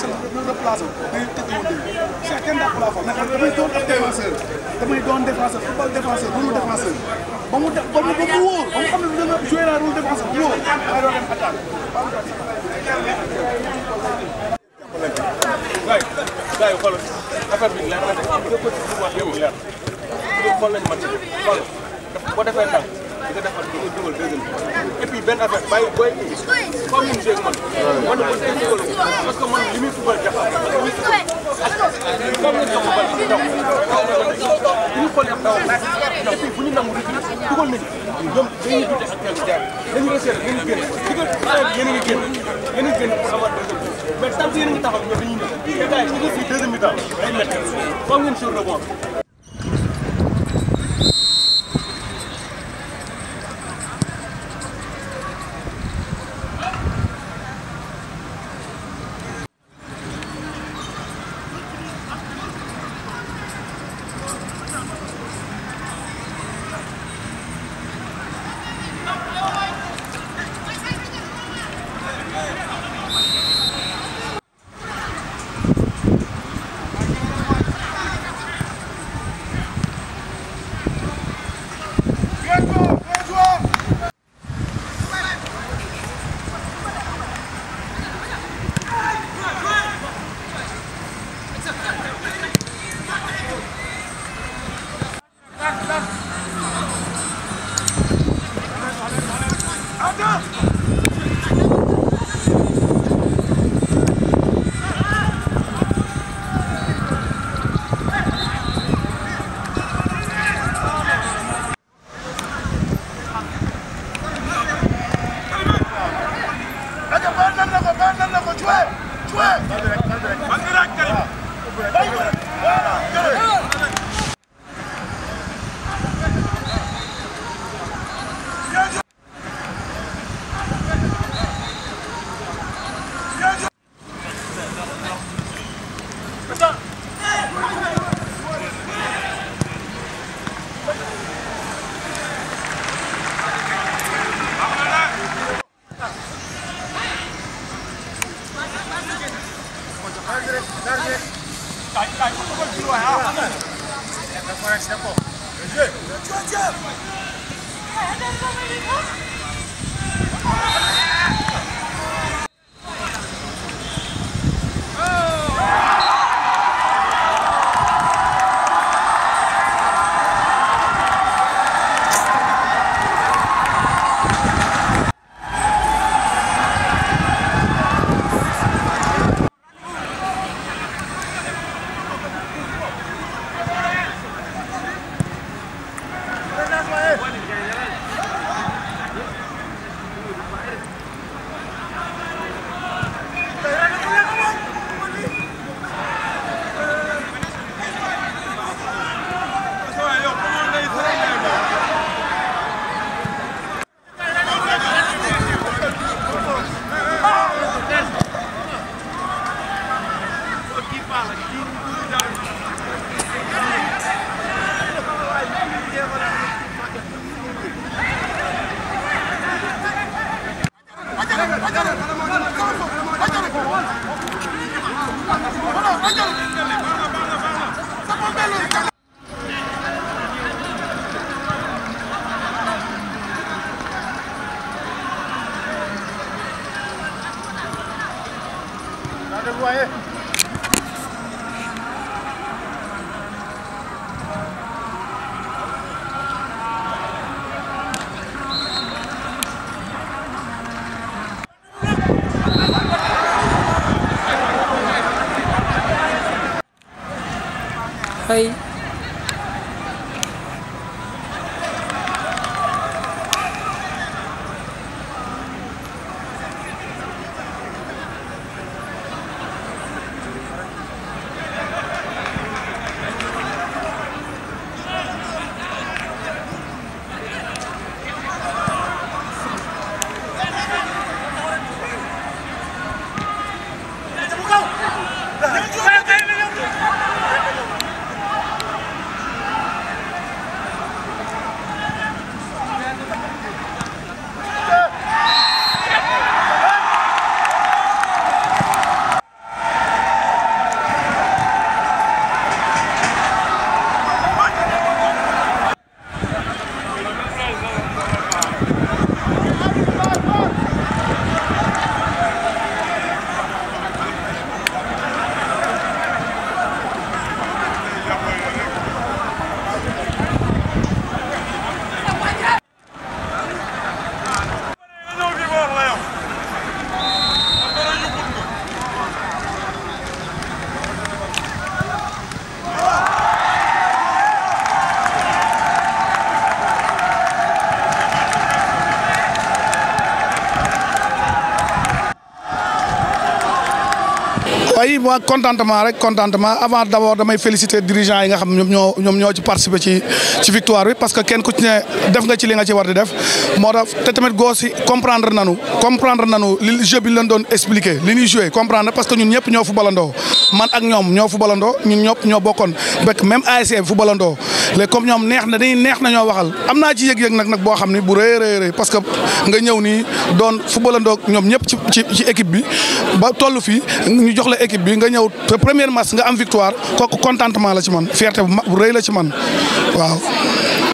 cela ñu replacé wu dañuy tëjoo dégg Cheikh kenn dàqu laa fa mais xam damay doon défenseur damay doon défenseur football défenseur rôle défenseur ba mu def ba mu ba mu wóor ba mu xam ne dana joué la rôle défenseur bu wóor maa doon dem attaque. gars yi gars yi xoolal affaire bi leer na de bu dee ko ci wax yow leer na bu dee xool nañu man ci xool boo defee ndànk nga defar di nga dugal deuxième et puis benn affaire bàyyi booy kii comme mu jéeg man man ko tey dugal parce que man li muy dugal dafa ak comme ñu jox bal ñu dox bu ñu xoolee daw et puis bu ñu nangu rek dugal nañu ñoom dañuy dute ak ñoom jaar dañu recherche dañu génn digal yéen a ngi génn yéen a ngi génn pour avoir deuxième mais tant que yéen a ngi taxaw ñoom dañuy ñëw te gars yi ñu ngi fi deuxième mi-temps day métti foog ngeen sur le bon Let's go, Jeff! Bye. ay waa contentement rek contentement avant d' abord damay féliciter dirigeants yi nga xam ñoom ñoo ñoom ñoo ci participer ci ci victoire bi parce que kenn ku ci ne def nga ci li nga ci war di def moo tax te tamit goos yi nanu comprendre nanu li bi leen doon expliquer li ñuy jouer comprendre parce que ñun ñëpp ñoo fu balandoo man ak ñoom ñoo fu balandoo ñun ñëpp ñoo bokkoon bekk même ASC fu balandoo léegi comme ñoom neex na dañuy neex na waxal am naa ci yëg-yëg nag nag boo xam ne bu rëy rëy parce que nga ñëw nii doon footballandoog ñoom ñëpp ci ci ci équipe bi ba toll fii ñu jox la équipe bi nga ñëw te premier match nga am victoire kooku contentement la ci man fierté bu rëy la ci man waaw.